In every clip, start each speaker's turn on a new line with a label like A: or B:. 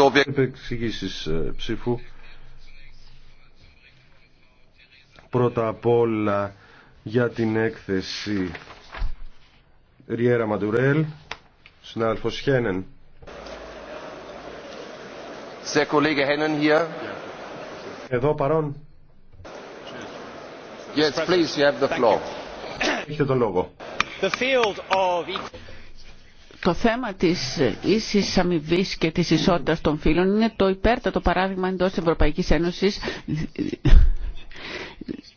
A: όποια Επεξηγήσεις ε, ε, ψήφου. Πρώτα απ' όλα για την έκθεση Ριέρα Μαντουρέλ, συνάδελφος Χένεν. Εδώ παρόν.
B: Yes, please, you have the floor.
A: Έχετε τον λόγο.
C: The field of το θέμα της ίσης αμοιβή και της ισότητας των φύλων είναι το υπέρτατο παράδειγμα εντός Ευρωπαϊκή Ευρωπαϊκής Ένωσης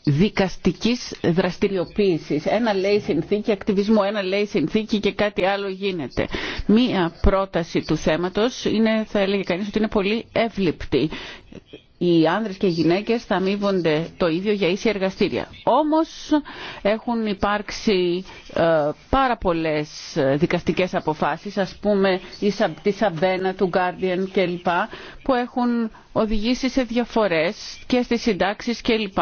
C: δικαστικής δραστηριοποίησης. Ένα λέει συνθήκη ακτιβισμό, ένα λέει συνθήκη και κάτι άλλο γίνεται. Μία πρόταση του θέματος είναι, θα έλεγε κανείς, ότι είναι πολύ εύληπτη οι άνδρες και οι γυναίκες θα αμείβονται το ίδιο για ίση εργαστήρια. Όμως έχουν υπάρξει ε, πάρα πολλές δικαστικές αποφάσεις, ας πούμε η, τη Σαμπένα, του Guardian κλπ, που έχουν οδηγήσει σε διαφορές και στις συντάξεις κλπ.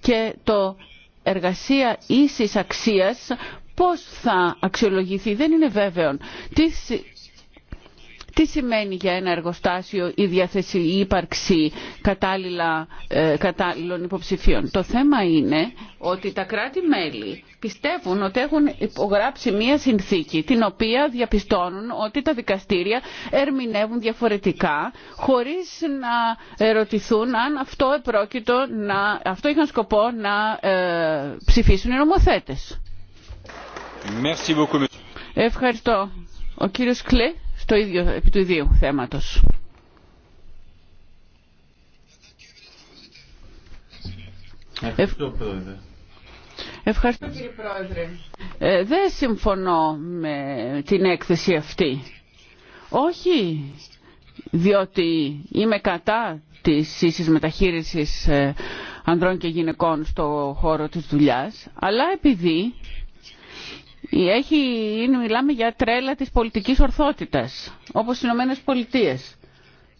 C: Και το εργασία ίσης αξίας πώς θα αξιολογηθεί δεν είναι βέβαιο. Τι τι σημαίνει για ένα εργοστάσιο η, διαθεση, η ύπαρξη ε, κατάλληλων υποψηφίων. Το θέμα είναι ότι τα κράτη-μέλη πιστεύουν ότι έχουν υπογράψει μία συνθήκη την οποία διαπιστώνουν ότι τα δικαστήρια ερμηνεύουν διαφορετικά χωρίς να ερωτηθούν αν αυτό επρόκειτο να, αυτό είχαν σκοπό να ε, ψηφίσουν οι νομοθέτες. Ευχαριστώ. Ο κύριος Κλέ επί του ιδίου θέματος. Ευχαριστώ, κύριε Πρόεδρε. Ε, δεν συμφωνώ με την έκθεση αυτή. Όχι διότι είμαι κατά της ίσης μεταχείρισης ε, ανδρών και γυναικών στο χώρο της δουλειάς, αλλά επειδή έχει, μιλάμε για τρέλα της πολιτικής ορθότητας, όπως οι Ηνωμένες Πολιτείες.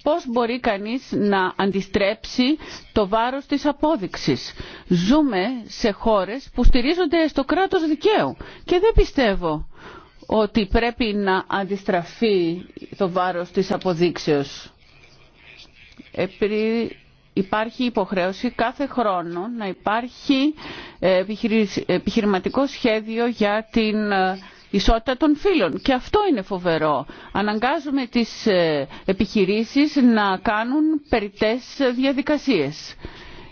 C: Πώς μπορεί κανείς να αντιστρέψει το βάρος της απόδειξης. Ζούμε σε χώρες που στηρίζονται στο κράτος δικαίου και δεν πιστεύω ότι πρέπει να αντιστραφεί το βάρος της αποδείξεως υπάρχει υποχρέωση κάθε χρόνο να υπάρχει ε, επιχειρηματικό σχέδιο για την ε, ισότητα των φύλων. Και αυτό είναι φοβερό. Αναγκάζουμε τις ε, επιχειρήσεις να κάνουν περιττές διαδικασίες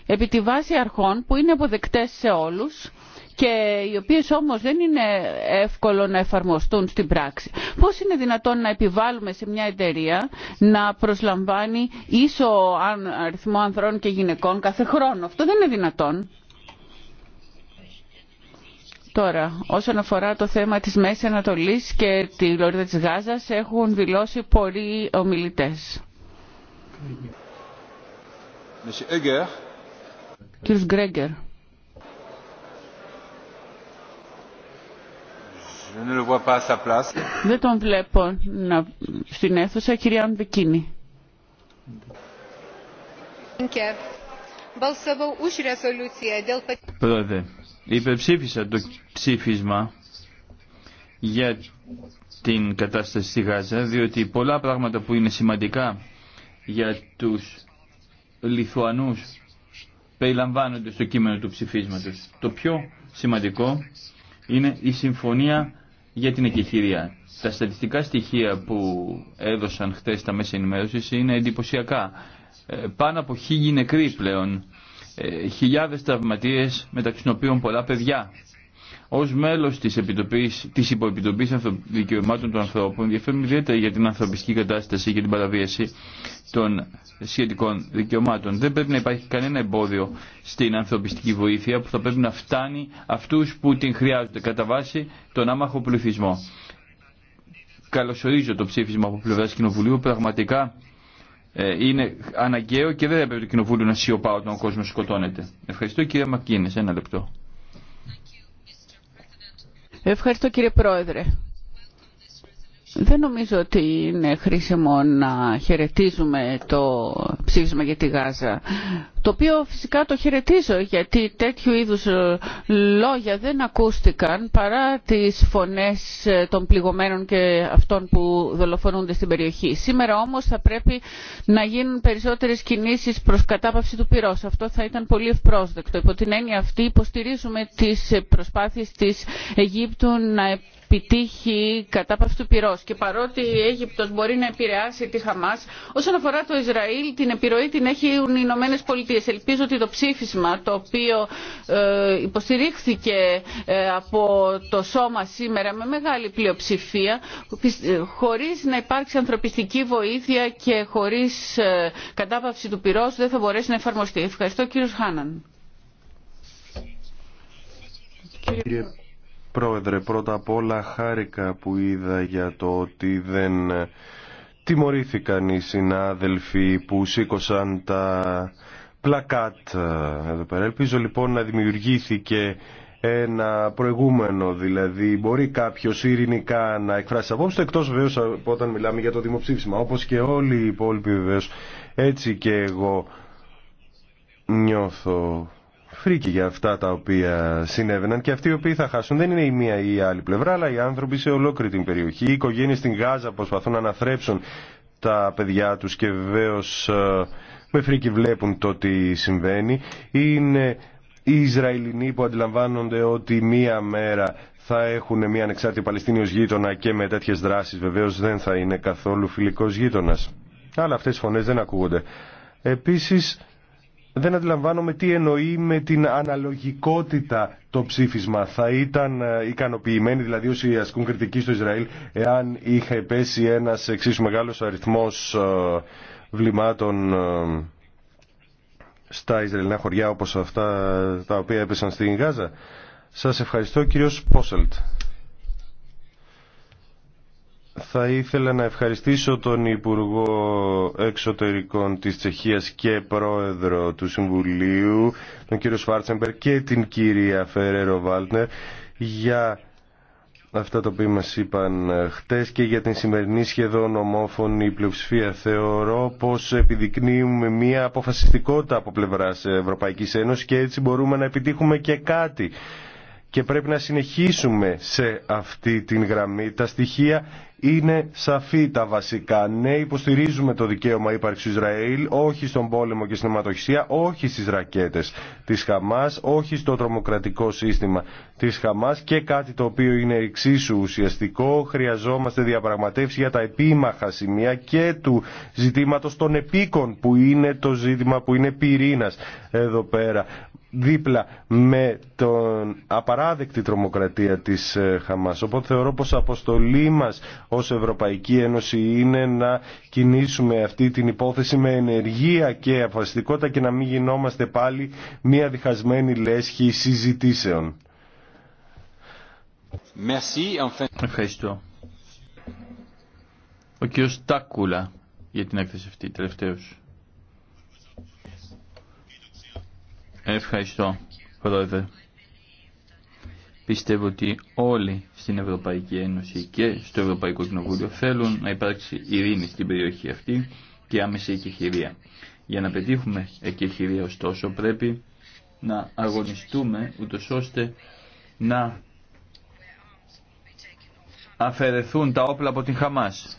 C: επί τη βάση αρχών που είναι αποδεκτές σε όλους και οι οποίε όμως δεν είναι εύκολο να εφαρμοστούν στην πράξη. Πώς είναι δυνατόν να επιβάλλουμε σε μια εταιρεία να προσλαμβάνει ίσο αριθμό ανδρών και γυναικών κάθε χρόνο. Αυτό δεν είναι δυνατόν. Τώρα, όσον αφορά το θέμα της Μέση Ανατολής και τη Λόριδα της Γάζας, έχουν δηλώσει πολλοί ομιλητές. Κύριος Γκρέγκερ. Δεν τον βλέπω να... στην αίθουσα. Κυρία Μπικίνη.
B: Πρόεδρε, υπερψήφισα το ψήφισμα για την κατάσταση στη Γάζα, διότι πολλά πράγματα που είναι σημαντικά για τους Λιθουανούς περιλαμβάνονται στο κείμενο του ψηφίσματος. Το πιο σημαντικό είναι η συμφωνία για την εκεχηρία. Τα στατιστικά στοιχεία που έδωσαν χτες τα μέσα ενημέρωσης είναι εντυπωσιακά. Ε, πάνω από χίλιοι νεκροί πλέον, ε, χιλιάδες τραυματίες μεταξύ των οποίων πολλά παιδιά. Ω μέλο τη της Υποεπιτροπή Δικαιωμάτων των Ανθρώπων, ενδιαφέρουμε ιδιαίτερα για την ανθρωπιστική κατάσταση και την παραβίαση των σχετικών δικαιωμάτων. Δεν πρέπει να υπάρχει κανένα εμπόδιο στην ανθρωπιστική βοήθεια που θα πρέπει να φτάνει αυτού που την χρειάζονται, κατά βάση τον άμαχο πληθυσμό. Καλωσορίζω το ψήφισμα από πλευρά Κοινοβουλίου. Πραγματικά ε, είναι αναγκαίο και δεν έπρεπε το Κοινοβούλιο να σιωπά όταν ο κόσμο σκοτώνεται. Ευχαριστώ κύριε Μακίνε. Ένα λεπτό.
C: Ευχαριστώ κύριε Πρόεδρε. Δεν νομίζω ότι είναι χρήσιμο να χαιρετίζουμε το ψήφισμα για τη Γάζα το οποίο φυσικά το χαιρετίζω γιατί τέτοιου είδους ε, λόγια δεν ακούστηκαν παρά τις φωνές ε, των πληγωμένων και αυτών που δολοφονούνται στην περιοχή. Σήμερα όμως θα πρέπει να γίνουν περισσότερες κινήσεις προς κατάπαυση του πυρός. Αυτό θα ήταν πολύ ευπρόσδεκτο. Υπό την έννοια αυτή υποστηρίζουμε τις προσπάθειες της Αιγύπτου να επιτύχει κατάπαυση του πυρός και παρότι η Αίγυπτος μπορεί να επηρεάσει τη Χαμάς όσον αφορά το Ισραήλ την επιρροή την έχει οι Ηνωμένε Πολιτείε Ελπίζω ότι το ψήφισμα το οποίο ε, υποστηρίχθηκε ε, από το σώμα σήμερα με μεγάλη πλειοψηφία ε, χωρίς να υπάρξει ανθρωπιστική βοήθεια και χωρίς κατάπαυση του πυρός δεν θα μπορέσει να εφαρμοστεί. Ευχαριστώ κύριο Χάναν.
A: Κύριε Πρόεδρε, πρώτα απ' όλα χάρηκα που είδα για το ότι δεν τιμωρήθηκαν οι συνάδελφοι που σήκωσαν τα πλακάτ ε, εδώ πέρα. Ελπίζω λοιπόν να δημιουργήθηκε ένα προηγούμενο, δηλαδή μπορεί κάποιο ειρηνικά να εκφράσει απόψη εκτό βεβαίω όταν μιλάμε για το δημοψήφισμα. Όπω και όλοι οι υπόλοιποι βεβαίω, έτσι και εγώ νιώθω φρίκι για αυτά τα οποία συνέβαιναν και αυτοί οι οποίοι θα χάσουν δεν είναι η μία ή η άλλη πλευρά, αλλά οι άνθρωποι σε ολόκληρη την περιοχή. Οι οικογένειε στην Γάζα προσπαθούν να αναθρέψουν τα παιδιά τους και βεβαίω ε, με φρίκι βλέπουν το τι συμβαίνει. Είναι οι Ισραηλινοί που αντιλαμβάνονται ότι μία μέρα θα έχουν μια ανεξάρτητη Παλαιστίνη γείτονα και με τέτοιες δράσεις βεβαίως δεν θα είναι καθόλου φιλικός γείτονας. Αλλά αυτές οι φωνές δεν ακούγονται. Επίσης δεν αντιλαμβάνομαι τι εννοεί με την αναλογικότητα το ψήφισμα. Θα ήταν ε, ικανοποιημένοι, δηλαδή όσοι ασκούν κριτική στο Ισραήλ, εάν είχε πέσει ένας εξίσου μεγάλος αριθμός ε, βλημάτων ε, στα Ισραηλινά χωριά όπως αυτά τα οποία έπεσαν στην Γάζα. Σας ευχαριστώ κύριος Πόσελτ. Θα ήθελα να ευχαριστήσω τον Υπουργό Εξωτερικών της Τσεχίας και Πρόεδρο του Συμβουλίου, τον κύριο Σφάρτσεμπερ και την κυρία Φερέρο Βάλτνερ για αυτά τα οποία μας είπαν ε, χτες και για την σημερινή σχεδόν ομόφωνη πλειοψηφία. Θεωρώ πως επιδεικνύουμε μία αποφασιστικότητα από πλευράς Ευρωπαϊκής Ένωσης και έτσι μπορούμε να επιτύχουμε και κάτι και πρέπει να συνεχίσουμε σε αυτή την γραμμή. Τα στοιχεία είναι σαφή τα βασικά. Ναι, υποστηρίζουμε το δικαίωμα ύπαρξη Ισραήλ, όχι στον πόλεμο και στην αιματοχυσία, όχι στις ρακέτες της Χαμάς, όχι στο τρομοκρατικό σύστημα της Χαμάς και κάτι το οποίο είναι εξίσου ουσιαστικό, χρειαζόμαστε διαπραγματεύσει για τα επίμαχα σημεία και του ζητήματος των επίκων που είναι το ζήτημα που είναι πυρήνα εδώ πέρα δίπλα με τον απαράδεκτη τρομοκρατία της ε, Χαμάς. Οπότε θεωρώ πως αποστολή μας ως Ευρωπαϊκή Ένωση είναι να κινήσουμε αυτή την υπόθεση με ενεργεία και αφασιστικότητα και να μην γινόμαστε πάλι μια διχασμένη λέσχη συζητήσεων. Ευχαριστώ. Ο κύριος Τάκουλα
B: για την έκθεση αυτή τελευταίος. Ευχαριστώ, Πρόεδρε. Πιστεύω ότι όλοι στην Ευρωπαϊκή Ένωση και στο Ευρωπαϊκό Κοινοβούλιο θέλουν να υπάρξει ειρήνη στην περιοχή αυτή και άμεση εκεχηρία. Για να πετύχουμε εκεχηρία ωστόσο πρέπει να αγωνιστούμε ούτως ώστε να αφαιρεθούν τα όπλα από την Χαμάς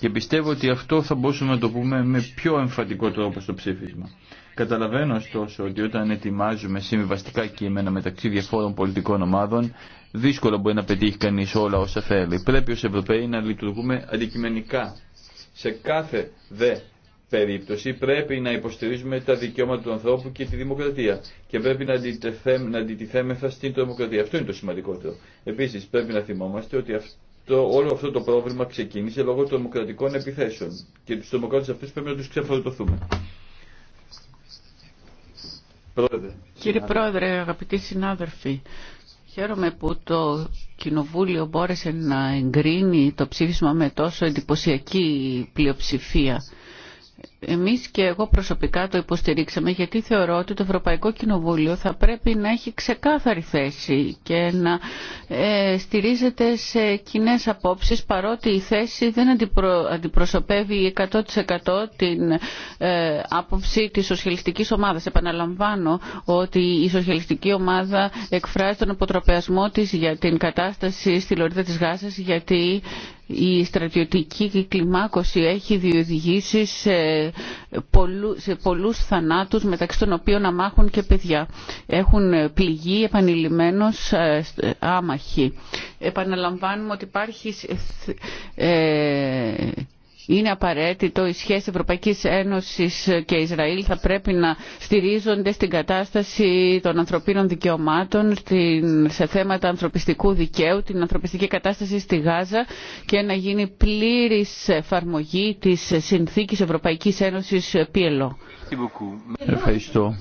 B: και πιστεύω ότι αυτό θα μπορούσαμε να το πούμε με πιο εμφαντικό τρόπο στο ψήφισμα. Καταλαβαίνω ωστόσο ότι όταν ετοιμάζουμε συμβιβαστικά κείμενα μεταξύ διαφόρων πολιτικών ομάδων, δύσκολο μπορεί να πετύχει κανεί όλα όσα θέλει. Πρέπει ω Ευρωπαίοι να λειτουργούμε αντικειμενικά. Σε κάθε δε περίπτωση πρέπει να υποστηρίζουμε τα δικαιώματα του ανθρώπου και τη δημοκρατία και πρέπει να, αντιτιθέμεθα στην τρομοκρατία. Αυτό είναι το σημαντικότερο. Επίση, πρέπει να θυμόμαστε ότι αυτό το, όλο αυτό το πρόβλημα ξεκίνησε λόγω των δημοκρατικών επιθέσεων. Και του δημοκράτε αυτού πρέπει να του ξεφορτωθούμε. Κύριε Πρόεδρε,
C: αγαπητοί συνάδελφοι, χαίρομαι που το Κοινοβούλιο μπόρεσε να εγκρίνει το ψήφισμα με τόσο εντυπωσιακή πλειοψηφία εμείς και εγώ προσωπικά το υποστηρίξαμε γιατί θεωρώ ότι το Ευρωπαϊκό Κοινοβούλιο θα πρέπει να έχει ξεκάθαρη θέση και να ε, στηρίζεται σε κοινέ απόψεις παρότι η θέση δεν αντιπροσωπεύει 100% την ε, άποψη της σοσιαλιστικής ομάδας. Επαναλαμβάνω ότι η σοσιαλιστική ομάδα εκφράζει τον αποτροπιασμό της για την κατάσταση στη Λωρίδα της Γάζας γιατί η στρατιωτική κλιμάκωση έχει διοδηγήσει σε σε πολλούς θανάτους μεταξύ των οποίων αμάχουν και παιδιά. Έχουν πληγεί επανειλημμένως ε, άμαχοι. Επαναλαμβάνουμε ότι υπάρχει ε, είναι απαραίτητο οι σχέσεις Ευρωπαϊκής Ένωσης και Ισραήλ θα πρέπει να στηρίζονται στην κατάσταση των ανθρωπίνων δικαιωμάτων, σε θέματα ανθρωπιστικού δικαίου, την ανθρωπιστική κατάσταση στη Γάζα και να γίνει πλήρης εφαρμογή της Συνθήκης Ευρωπαϊκής Ένωσης πιελό.
B: Ευχαριστώ.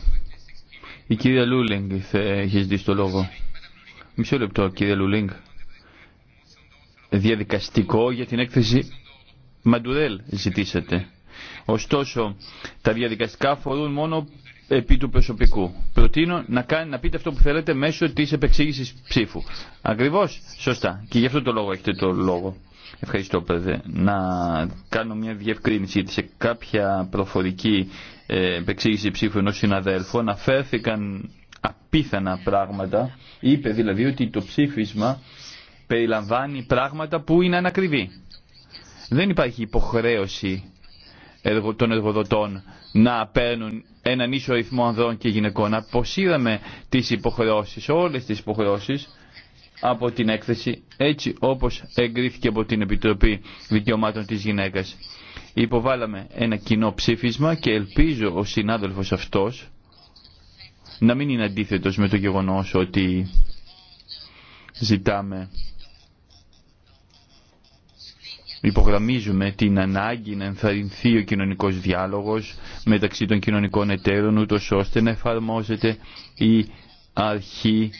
B: Η κυρία Λούλινγκ θα έχει δει στο λόγο. Μισό λεπτό κύριε Λούλινγκ. Διαδικαστικό για την έκθεση Μαντουρέλ ζητήσατε. Ωστόσο, τα διαδικαστικά αφορούν μόνο επί του προσωπικού. Προτείνω να, κάνει, να πείτε αυτό που θέλετε μέσω τη επεξήγηση ψήφου. Ακριβώ, σωστά. Και γι' αυτό το λόγο έχετε το λόγο. Ευχαριστώ, Πρόεδρε. Να κάνω μια διευκρίνηση, γιατί σε κάποια προφορική ε, επεξήγηση ψήφου ενό συναδέλφου αναφέρθηκαν απίθανα πράγματα. Είπε δηλαδή ότι το ψήφισμα περιλαμβάνει πράγματα που είναι ανακριβή δεν υπάρχει υποχρέωση των εργοδοτών να παίρνουν έναν ίσο αριθμό ανδρών και γυναικών. Αποσύραμε τις υποχρεώσεις, όλες τις υποχρεώσεις από την έκθεση έτσι όπως εγκρίθηκε από την Επιτροπή Δικαιωμάτων της Γυναίκας. Υποβάλαμε ένα κοινό ψήφισμα και ελπίζω ο συνάδελφος αυτός να μην είναι αντίθετος με το γεγονός ότι ζητάμε υπογραμμίζουμε την ανάγκη να ενθαρρυνθεί ο κοινωνικός διάλογος μεταξύ των κοινωνικών εταίρων ούτως ώστε να εφαρμόζεται η αρχή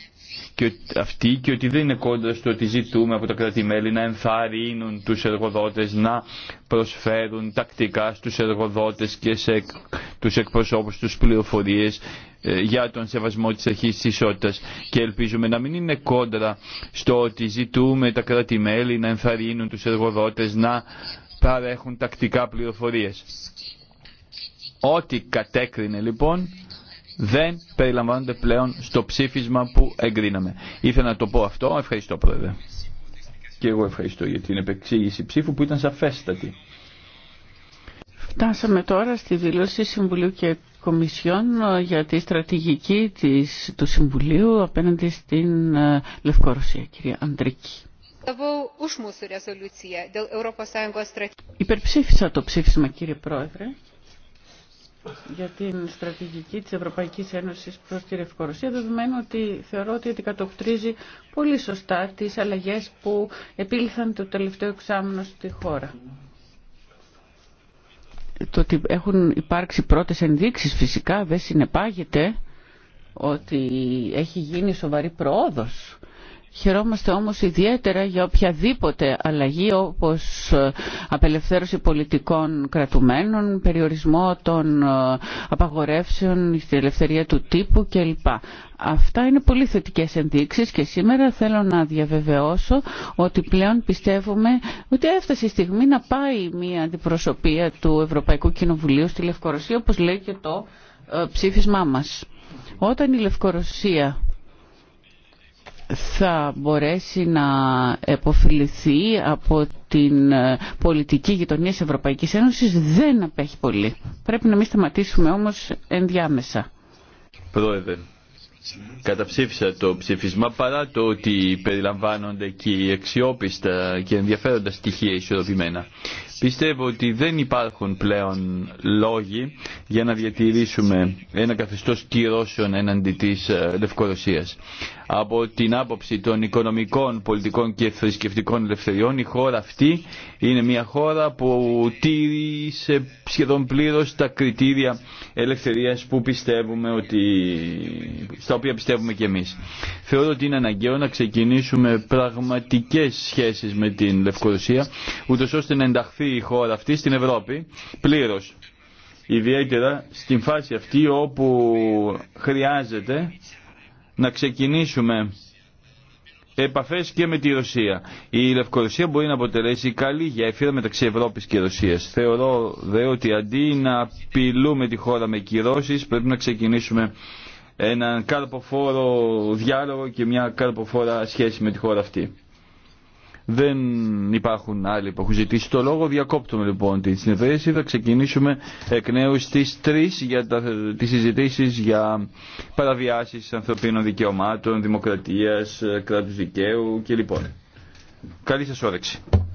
B: και αυτή και ότι δεν είναι κόντρα στο ότι ζητούμε από τα κρατημέλη να ενθαρρύνουν τους εργοδότες να προσφέρουν τακτικά στους εργοδότες και σε τους εκπροσώπους τους πληροφορίες ε, για τον σεβασμό της αρχής της ισότητας και ελπίζουμε να μην είναι κόντρα στο ότι ζητούμε τα κρατημέλη να ενθαρρύνουν τους εργοδότες να παρέχουν τακτικά πληροφορίες. Ό,τι κατέκρινε λοιπόν δεν περιλαμβάνονται πλέον στο ψήφισμα που εγκρίναμε. Ήθελα να το πω αυτό. Ευχαριστώ πρόεδρε. Και εγώ ευχαριστώ για την επεξήγηση ψήφου που ήταν σαφέστατη.
C: Φτάσαμε τώρα στη δήλωση Συμβουλίου και Κομισιόν ε, για τη στρατηγική της, του Συμβουλίου απέναντι στην ε, Λευκορωσία, κυρία Αντρίκη. Υπερψήφισα το ψήφισμα κύριε Πρόεδρε για την στρατηγική της Ευρωπαϊκής Ένωσης προς τη Ρευκορωσία, δεδομένου ότι θεωρώ ότι αντικατοπτρίζει πολύ σωστά τις αλλαγές που επήλθαν το τελευταίο εξάμεινο στη χώρα. Το ότι έχουν υπάρξει πρώτες ενδείξεις φυσικά δεν συνεπάγεται ότι έχει γίνει σοβαρή πρόοδος Χαιρόμαστε όμως ιδιαίτερα για οποιαδήποτε αλλαγή όπως ε, απελευθέρωση πολιτικών κρατουμένων, περιορισμό των ε, απαγορεύσεων στη ελευθερία του τύπου κλπ. Αυτά είναι πολύ θετικές ενδείξεις και σήμερα θέλω να διαβεβαιώσω ότι πλέον πιστεύουμε ότι έφτασε η στιγμή να πάει μια αντιπροσωπεία του Ευρωπαϊκού Κοινοβουλίου στη Λευκορωσία όπως λέει και το ε, ψήφισμά μας. Όταν η Λευκορωσία θα μπορέσει να εποφεληθεί από την ε, πολιτική γειτονία της Ευρωπαϊκής Ένωσης δεν απέχει πολύ. Πρέπει να μην σταματήσουμε όμως ενδιάμεσα.
B: Πρόεδρε, καταψήφισα το ψήφισμα παρά το ότι περιλαμβάνονται οι αξιόπιστα και ενδιαφέροντα στοιχεία ισορροπημένα. Πιστεύω ότι δεν υπάρχουν πλέον λόγοι για να διατηρήσουμε ένα καθεστώς κυρώσεων έναντι της ε, Λευκορωσίας. Από την άποψη των οικονομικών, πολιτικών και θρησκευτικών ελευθεριών η χώρα αυτή είναι μια χώρα που τήρησε σχεδόν πλήρως τα κριτήρια ελευθερίας που πιστεύουμε ότι, στα οποία πιστεύουμε και εμείς. Θεωρώ ότι είναι αναγκαίο να ξεκινήσουμε πραγματικές σχέσεις με την Λευκορωσία ούτως ώστε να ενταχθεί η χώρα αυτή στην Ευρώπη πλήρως. Ιδιαίτερα στην φάση αυτή όπου χρειάζεται να ξεκινήσουμε επαφές και με τη Ρωσία. Η Λευκορωσία μπορεί να αποτελέσει καλή γέφυρα μεταξύ Ευρώπης και Ρωσίας. Θεωρώ δε ότι αντί να απειλούμε τη χώρα με κυρώσεις πρέπει να ξεκινήσουμε έναν καρποφόρο διάλογο και μια καρποφόρα σχέση με τη χώρα αυτή. Δεν υπάρχουν άλλοι που έχουν ζητήσει το λόγο. Διακόπτουμε λοιπόν την συνεδρίαση. Θα ξεκινήσουμε εκ νέου στι 3 για τις συζητήσεις για παραβιάσεις ανθρωπίνων δικαιωμάτων, δημοκρατίας, ε, κράτους δικαίου κλπ. Καλή σα όρεξη.